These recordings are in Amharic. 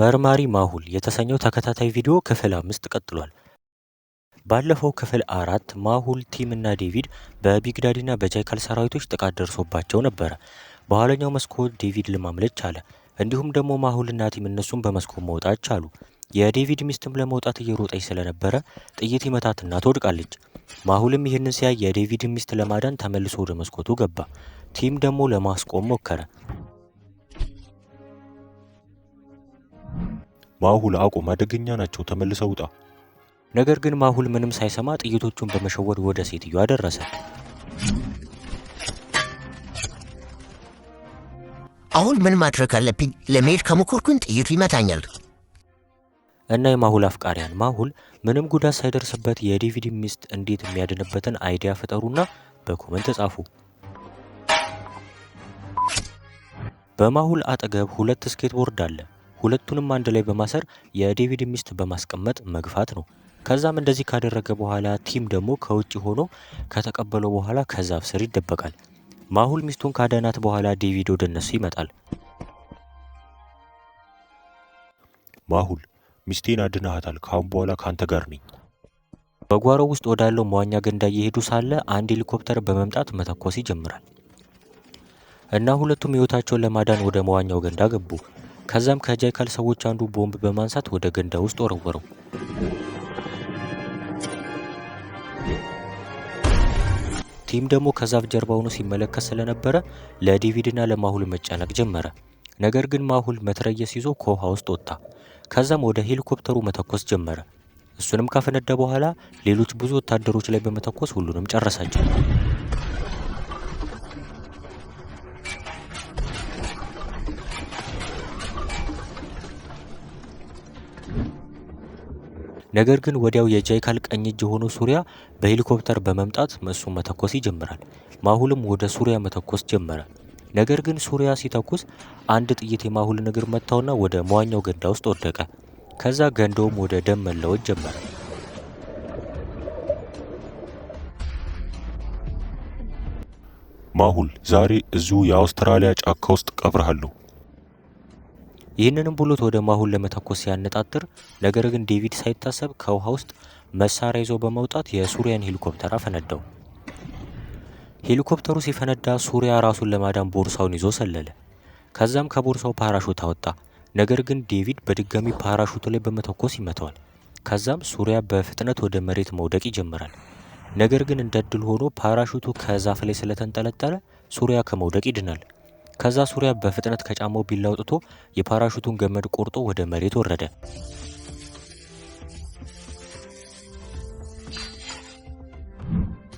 መርማሪ ማሁል የተሰኘው ተከታታይ ቪዲዮ ክፍል አምስት ቀጥሏል። ባለፈው ክፍል አራት ማሁል፣ ቲም እና ዴቪድ በቢግ ዳዲ እና በጃይካል ሰራዊቶች ጥቃት ደርሶባቸው ነበረ። በኋለኛው መስኮት ዴቪድ ልማምለጥ ቻለ። እንዲሁም ደግሞ ማሁል እና ቲም እነሱም በመስኮት መውጣት ቻሉ። የዴቪድ ሚስትም ለመውጣት እየሮጠች ስለነበረ ጥይት ይመታትና ትወድቃለች። ማሁልም ይህንን ሲያይ የዴቪድ ሚስት ለማዳን ተመልሶ ወደ መስኮቱ ገባ። ቲም ደግሞ ለማስቆም ሞከረ። ማሁል አቁም፣ አደገኛ ናቸው፣ ተመልሰ ውጣ። ነገር ግን ማሁል ምንም ሳይሰማ ጥይቶቹን በመሸወድ ወደ ሴትዮ አደረሰ አሁን ምን ማድረግ አለብኝ? ለመሄድ ከሞከርኩኝ ጥይቱ ይመታኛል። እና የማሁል አፍቃሪያን ማሁል ምንም ጉዳት ሳይደርስበት የዲቪዲ ሚስት እንዴት የሚያድንበትን አይዲያ ፍጠሩና በኮመንት ጻፉ። በማሁል አጠገብ ሁለት ስኬትቦርድ አለ። ሁለቱንም አንድ ላይ በማሰር የዴቪድ ሚስት በማስቀመጥ መግፋት ነው። ከዛም እንደዚህ ካደረገ በኋላ ቲም ደግሞ ከውጭ ሆኖ ከተቀበለው በኋላ ከዛፍ ስር ይደበቃል። ማሁል ሚስቱን ካዳናት በኋላ ዴቪድ ወደ እነሱ ይመጣል። ማሁል ሚስቴን አድናሃታል፣ ካሁን በኋላ ከአንተ ጋር ነኝ። በጓሮ ውስጥ ወዳለው መዋኛ ገንዳ እየሄዱ ሳለ አንድ ሄሊኮፕተር በመምጣት መተኮስ ይጀምራል እና ሁለቱም ህይወታቸውን ለማዳን ወደ መዋኛው ገንዳ ገቡ። ከዛም ከጃይካል ሰዎች አንዱ ቦምብ በማንሳት ወደ ገንዳ ውስጥ ወረወረው። ቲም ደግሞ ከዛፍ ጀርባ ሆኖ ሲመለከት ስለነበረ ለዲቪድና ለማሁል መጨነቅ ጀመረ። ነገር ግን ማሁል መትረየስ ይዞ ከውሃ ውስጥ ወጣ። ከዛም ወደ ሄሊኮፕተሩ መተኮስ ጀመረ። እሱንም ካፈነዳ በኋላ ሌሎች ብዙ ወታደሮች ላይ በመተኮስ ሁሉንም ጨረሳቸው። ነገር ግን ወዲያው የጃይካል ቀኝ እጅ የሆነው ሱሪያ በሄሊኮፕተር በመምጣት እሱን መተኮስ ይጀምራል። ማሁልም ወደ ሱሪያ መተኮስ ጀመረ። ነገር ግን ሱሪያ ሲተኩስ አንድ ጥይት የማሁል እግር መታውና ወደ መዋኛው ገንዳ ውስጥ ወደቀ። ከዛ ገንዳውም ወደ ደም መለወጥ ጀመረ። ማሁል ዛሬ እዚሁ የአውስትራሊያ ጫካ ውስጥ ቀብርሃለሁ ይህንንም ቡሎት ወደ ማሁን ለመተኮስ ሲያነጣጥር፣ ነገር ግን ዴቪድ ሳይታሰብ ከውሃ ውስጥ መሳሪያ ይዞ በመውጣት የሱሪያን ሄሊኮፕተር አፈነዳው። ሄሊኮፕተሩ ሲፈነዳ ሱሪያ ራሱን ለማዳን ቦርሳውን ይዞ ሰለለ። ከዛም ከቦርሳው ፓራሹት አወጣ። ነገር ግን ዴቪድ በድጋሚ ፓራሹቱ ላይ በመተኮስ ይመታዋል። ከዛም ሱሪያ በፍጥነት ወደ መሬት መውደቅ ይጀምራል። ነገር ግን እንደ እድል ሆኖ ፓራሹቱ ከዛፍ ላይ ስለተንጠለጠለ ሱሪያ ከመውደቅ ይድናል። ከዛ ሱሪያ በፍጥነት ከጫማው ቢላ አውጥቶ የፓራሹቱን ገመድ ቆርጦ ወደ መሬት ወረደ።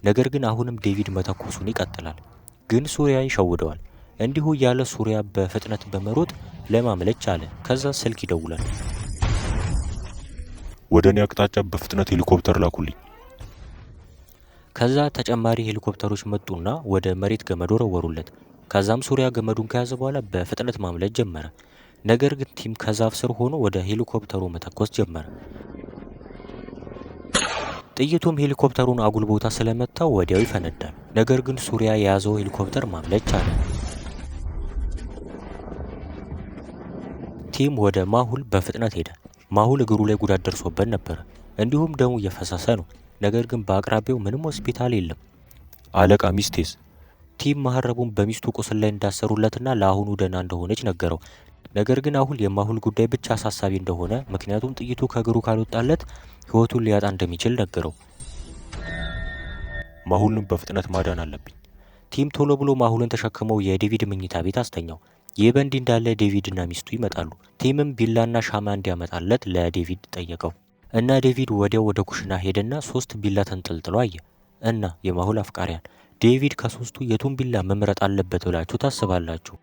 ነገር ግን አሁንም ዴቪድ መተኮሱን ይቀጥላል። ግን ሱሪያ ይሸውደዋል። እንዲሁ ያለ ሱሪያ በፍጥነት በመሮጥ ለማምለች አለ ከዛ ስልክ ይደውላል። ወደ እኔ አቅጣጫ በፍጥነት ሄሊኮፕተር ላኩልኝ። ከዛ ተጨማሪ ሄሊኮፕተሮች መጡና ወደ መሬት ገመድ ወረወሩለት። ከዛም ሱሪያ ገመዱን ከያዘ በኋላ በፍጥነት ማምለጥ ጀመረ። ነገር ግን ቲም ከዛፍ ስር ሆኖ ወደ ሄሊኮፕተሩ መተኮስ ጀመረ። ጥይቱም ሄሊኮፕተሩን አጉል ቦታ ስለመታው ወዲያው ይፈነዳል። ነገር ግን ሱሪያ የያዘው ሄሊኮፕተር ማምለጥ ቻለ። ቲም ወደ ማሁል በፍጥነት ሄደ። ማሁል እግሩ ላይ ጉዳት ደርሶበት ነበረ፣ እንዲሁም ደሙ እየፈሰሰ ነው። ነገር ግን በአቅራቢያው ምንም ሆስፒታል የለም። አለቃ ሚስቴስ ቲም መሀረቡን በሚስቱ ቁስል ላይ እንዳሰሩለትና ለአሁኑ ደህና እንደሆነች ነገረው። ነገር ግን አሁን የማሁል ጉዳይ ብቻ አሳሳቢ እንደሆነ ምክንያቱም ጥይቱ ከእግሩ ካልወጣለት ህይወቱን ሊያጣ እንደሚችል ነገረው። ማሁልን በፍጥነት ማዳን አለብኝ። ቲም ቶሎ ብሎ ማሁልን ተሸክመው የዴቪድ መኝታ ቤት አስተኛው። ይህ በእንዲህ እንዳለ ዴቪድና ሚስቱ ይመጣሉ። ቲምም ቢላና ሻማ እንዲያመጣለት ለዴቪድ ጠየቀው እና ዴቪድ ወዲያው ወደ ኩሽና ሄደና ሶስት ቢላ ተንጠልጥሎ አየ እና የማሁል አፍቃሪያን ዴቪድ ከሶስቱ የቱን ቢላ መምረጥ አለበት ብላችሁ ታስባላችሁ?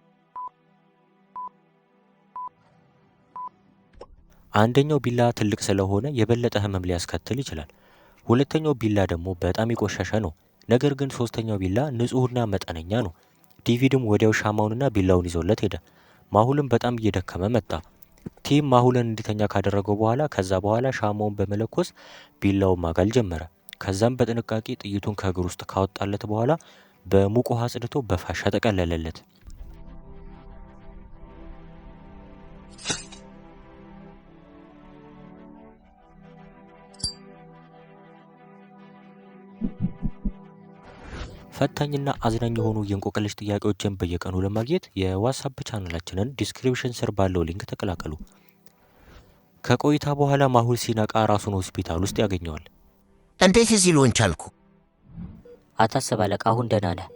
አንደኛው ቢላ ትልቅ ስለሆነ የበለጠ ህመም ሊያስከትል ይችላል። ሁለተኛው ቢላ ደግሞ በጣም የቆሸሸ ነው። ነገር ግን ሶስተኛው ቢላ ንጹህና መጠነኛ ነው። ዴቪድም ወዲያው ሻማውንና ቢላውን ይዞለት ሄደ። ማሁልም በጣም እየደከመ መጣ። ቲም ማሁልን እንዲተኛ ካደረገው በኋላ ከዛ በኋላ ሻማውን በመለኮስ ቢላውን ማጋል ጀመረ። ከዛም በጥንቃቄ ጥይቱን ከእግር ውስጥ ካወጣለት በኋላ በሙቅ ውሃ አጽድቶ በፋሻ ጠቀለለለት። ፈታኝና አዝናኝ የሆኑ የእንቆቅልሽ ጥያቄዎችን በየቀኑ ለማግኘት የዋትስአፕ ቻናላችንን ዲስክሪፕሽን ስር ባለው ሊንክ ተቀላቀሉ። ከቆይታ በኋላ ማሁል ሲነቃ ራሱን ሆስፒታል ውስጥ ያገኘዋል። እንዴት እዚህ ልሆን ቻልኩ? አታስብ አለቃ፣ አሁን ደህና ነህ።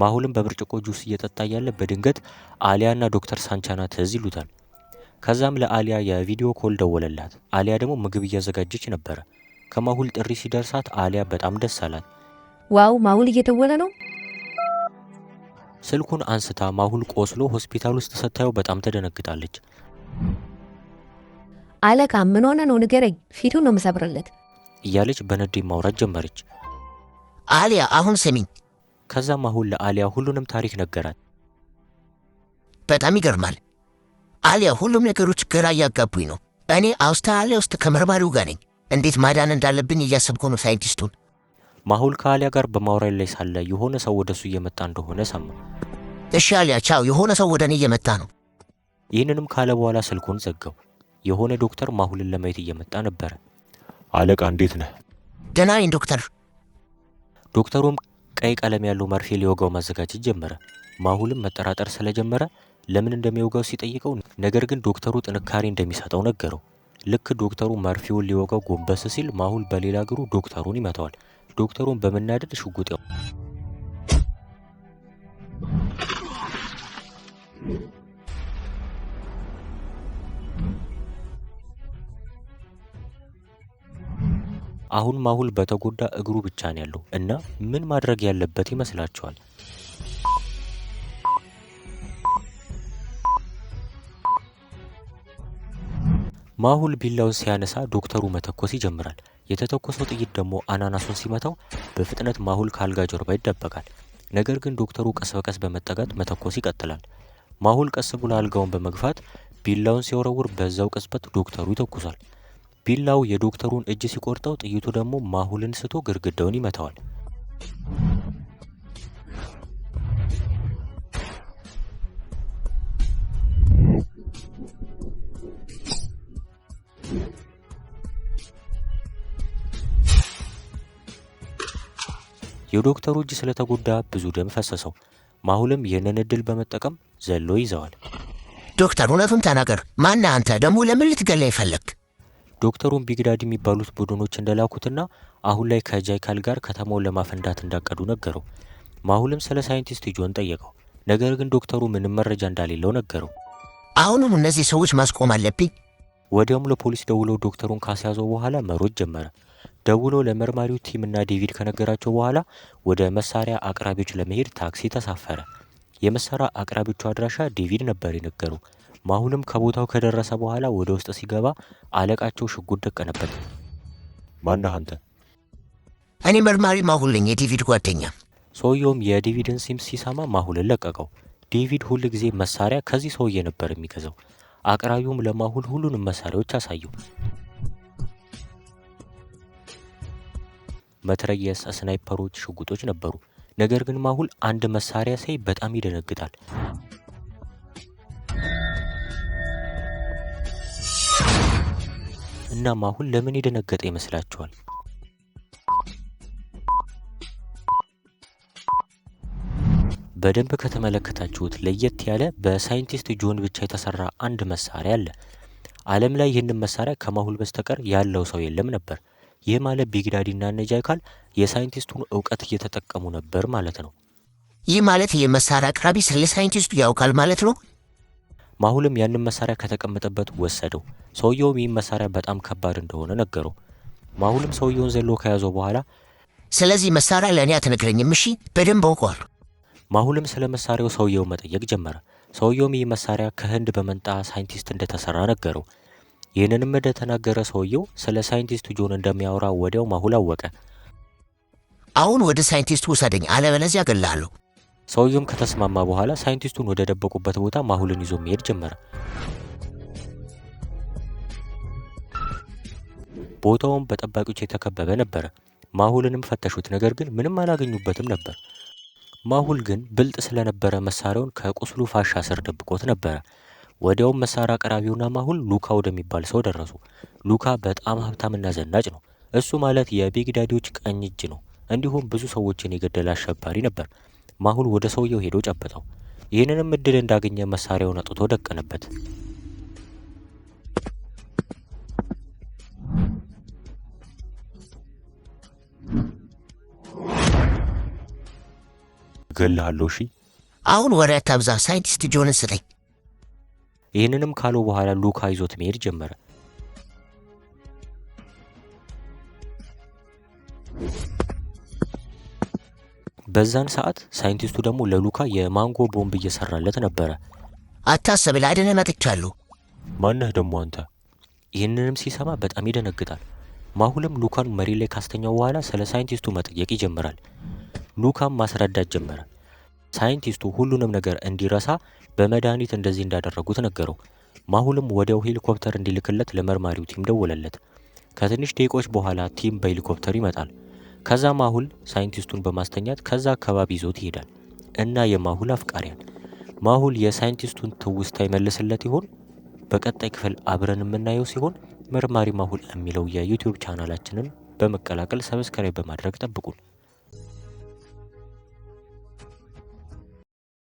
ማሁልም በብርጭቆ ጁስ እየጠጣ ያለ በድንገት አሊያና ዶክተር ሳንቻና ትዝ ይሉታል። ከዛም ለአሊያ የቪዲዮ ኮል ደወለላት። አሊያ ደግሞ ምግብ እያዘጋጀች ነበረ። ከማሁል ጥሪ ሲደርሳት አሊያ በጣም ደስ አላት። ዋው ማሁል እየደወለ ነው። ስልኩን አንስታ ማሁል ቆስሎ ሆስፒታል ውስጥ ስታየው በጣም ተደነግጣለች። አለቃ ምን ሆነ ነው ንገረኝ፣ ፊቱን ነው የምሰብርለት እያለች በንዴ ማውራት ጀመረች። አሊያ አሁን ስሚኝ። ከዛም አሁን ለአሊያ ሁሉንም ታሪክ ነገራት። በጣም ይገርማል አሊያ፣ ሁሉም ነገሮች ግራ እያጋቡኝ ነው። እኔ አውስትራሊያ ውስጥ ከመርማሪው ጋር ነኝ። እንዴት ማዳን እንዳለብኝ እያሰብኩ ነው ሳይንቲስቱን። ማሁል ከአሊያ ጋር በማውራት ላይ ሳለ የሆነ ሰው ወደ እሱ እየመጣ እንደሆነ ሰማ። እሺ አሊያ ቻው፣ የሆነ ሰው ወደ እኔ እየመጣ ነው። ይህንንም ካለ በኋላ ስልኩን ዘጋው። የሆነ ዶክተር ማሁልን ለማየት እየመጣ ነበረ። አለቃ እንዴት ነህ? ደህና ነኝ ዶክተር። ዶክተሩም ቀይ ቀለም ያለው መርፌ ሊወጋው ማዘጋጀት ጀመረ። ማሁልም መጠራጠር ስለጀመረ ለምን እንደሚወጋው ሲጠይቀው፣ ነገር ግን ዶክተሩ ጥንካሬ እንደሚሰጠው ነገረው። ልክ ዶክተሩ መርፌውን ሊወጋው ጎንበስ ሲል ማሁል በሌላ እግሩ ዶክተሩን ይመታዋል። ዶክተሩን በመናደድ ሽጉጥ አሁን ማሁል በተጎዳ እግሩ ብቻ ነው ያለው እና ምን ማድረግ ያለበት ይመስላችኋል? ማሁል ቢላውን ሲያነሳ ዶክተሩ መተኮስ ይጀምራል። የተተኮሰው ጥይት ደግሞ አናናሱን ሲመታው በፍጥነት ማሁል ከአልጋ ጀርባ ይደበቃል። ነገር ግን ዶክተሩ ቀስ በቀስ በመጠጋት መተኮስ ይቀጥላል። ማሁል ቀስ ብሎ አልጋውን በመግፋት ቢላውን ሲወረውር በዛው ቅጽበት ዶክተሩ ይተኩሳል። ቢላው የዶክተሩን እጅ ሲቆርጠው ጥይቱ ደግሞ ማሁልን ስቶ ግድግዳውን ይመታዋል። የዶክተሩ እጅ ስለተጎዳ ብዙ ደም ፈሰሰው። ማሁልም ይህንን እድል በመጠቀም ዘሎ ይዘዋል። ዶክተር እውነቱን ተናገር፣ ማነህ አንተ? ደግሞ ለምን ልትገላ ይፈልግ? ዶክተሩን ቢግዳድ የሚባሉት ቡድኖች እንደላኩትና አሁን ላይ ከጃይካል ጋር ከተማውን ለማፈንዳት እንዳቀዱ ነገረው። ማሁልም ስለ ሳይንቲስት ጆን ጠየቀው። ነገር ግን ዶክተሩ ምንም መረጃ እንዳሌለው ነገረው። አሁንም እነዚህ ሰዎች ማስቆም አለብኝ። ወዲያውም ለፖሊስ ደውሎ ዶክተሩን ካስያዘው በኋላ መሮጥ ጀመረ። ደውሎ ለመርማሪው ቲምና ዴቪድ ከነገራቸው በኋላ ወደ መሳሪያ አቅራቢዎች ለመሄድ ታክሲ ተሳፈረ። የመሳሪያ አቅራቢዎቹ አድራሻ ዴቪድ ነበር የነገረው። ማሁልም ከቦታው ከደረሰ በኋላ ወደ ውስጥ ሲገባ አለቃቸው ሽጉጥ ደቀነበት። ማነህ አንተ? እኔ መርማሪ ማሁል ነኝ፣ ጓደኛ። ሰውየውም የዲቪድን ሲም ሲሰማ ማሁልን ለቀቀው። ዲቪድ ሁል ጊዜ መሳሪያ ከዚህ ሰውዬ ነበር የሚገዛው። አቅራቢውም ለማሁል ሁሉንም መሳሪያዎች አሳየው። መትረየስ፣ ስናይፐሮች፣ ሽጉጦች ነበሩ። ነገር ግን ማሁል አንድ መሳሪያ ሳይ በጣም ይደነግጣል። እናም አሁን ለምን የደነገጠ ይመስላችኋል? በደንብ ከተመለከታችሁት ለየት ያለ በሳይንቲስት ጆን ብቻ የተሰራ አንድ መሳሪያ አለ። ዓለም ላይ ይህንን መሳሪያ ከማሁል በስተቀር ያለው ሰው የለም ነበር። ይህ ማለት ቢግዳዲ እና እነ የሳይንቲስቱን እውቀት እየተጠቀሙ ነበር ማለት ነው። ይህ ማለት የመሳሪያ አቅራቢ ስለ ሳይንቲስቱ ያውቃል ማለት ነው። ማሁልም ያንን መሳሪያ ከተቀመጠበት ወሰደው። ሰውየውም ይህም መሳሪያ በጣም ከባድ እንደሆነ ነገረው። ማሁልም ሰውየውን ዘሎ ከያዘው በኋላ ስለዚህ መሳሪያ ለእኔ አትነግረኝም? እሺ በደንብ አውቀዋል። ማሁልም ስለ መሳሪያው ሰውየው መጠየቅ ጀመረ። ሰውየውም ይህ መሳሪያ ከህንድ በመንጣ ሳይንቲስት እንደተሰራ ነገረው። ይህንንም እንደተናገረ ሰውየው ስለ ሳይንቲስቱ ጆን እንደሚያወራ ወዲያው ማሁል አወቀ። አሁን ወደ ሳይንቲስቱ ውሰደኝ፣ አለበለዚያ እገልሃለሁ። ሰውየውም ከተስማማ በኋላ ሳይንቲስቱን ወደ ደበቁበት ቦታ ማሁልን ይዞ መሄድ ጀመረ። ቦታውም በጠባቂዎች የተከበበ ነበረ። ማሁልንም ፈተሹት፣ ነገር ግን ምንም አላገኙበትም ነበር። ማሁል ግን ብልጥ ስለነበረ መሳሪያውን ከቁስሉ ፋሻ ስር ደብቆት ነበረ። ወዲያውም መሳሪያ አቅራቢውና ማሁል ሉካ ወደሚባል ሰው ደረሱ። ሉካ በጣም ሀብታምና ዘናጭ ነው። እሱ ማለት የቢግ ዳዲዎች ቀኝ እጅ ነው። እንዲሁም ብዙ ሰዎችን የገደለ አሸባሪ ነበር። ማሁል ወደ ሰውየው ሄዶ ጨበጠው። ይህንንም እድል እንዳገኘ መሳሪያውን አጥቶ ደቀነበት። እገልሃለሁ፣ እሺ አሁን ወደ ተብዛ ሳይንቲስት ጆንስ ነኝ። ይህንንም ካለው በኋላ ሉካ ይዞት መሄድ ጀመረ። በዛን ሰዓት ሳይንቲስቱ ደግሞ ለሉካ የማንጎ ቦምብ እየሰራለት ነበረ። አታስብ፣ ላድንህ መጥቻለሁ። ማነህ ደግሞ አንተ? ይህንንም ሲሰማ በጣም ይደነግጣል። ማሁልም ሉካን መሬት ላይ ካስተኛው በኋላ ስለ ሳይንቲስቱ መጠየቅ ይጀምራል። ሉካም ማስረዳት ጀመረ። ሳይንቲስቱ ሁሉንም ነገር እንዲረሳ በመድኃኒት እንደዚህ እንዳደረጉት ነገረው። ማሁልም ወዲያው ሄሊኮፕተር እንዲልክለት ለመርማሪው ቲም ደወለለት። ከትንሽ ደቂቆች በኋላ ቲም በሄሊኮፕተር ይመጣል። ከዛ ማሁል ሳይንቲስቱን በማስተኛት ከዛ አካባቢ ይዞት ይሄዳል እና የማሁል አፍቃሪያን ማሁል የሳይንቲስቱን ትውስታ ይመልስለት ይሆን? በቀጣይ ክፍል አብረን የምናየው ሲሆን መርማሪ ማሁል የሚለው የዩቲዩብ ቻናላችንን በመቀላቀል ሰብስክራይብ በማድረግ ጠብቁን።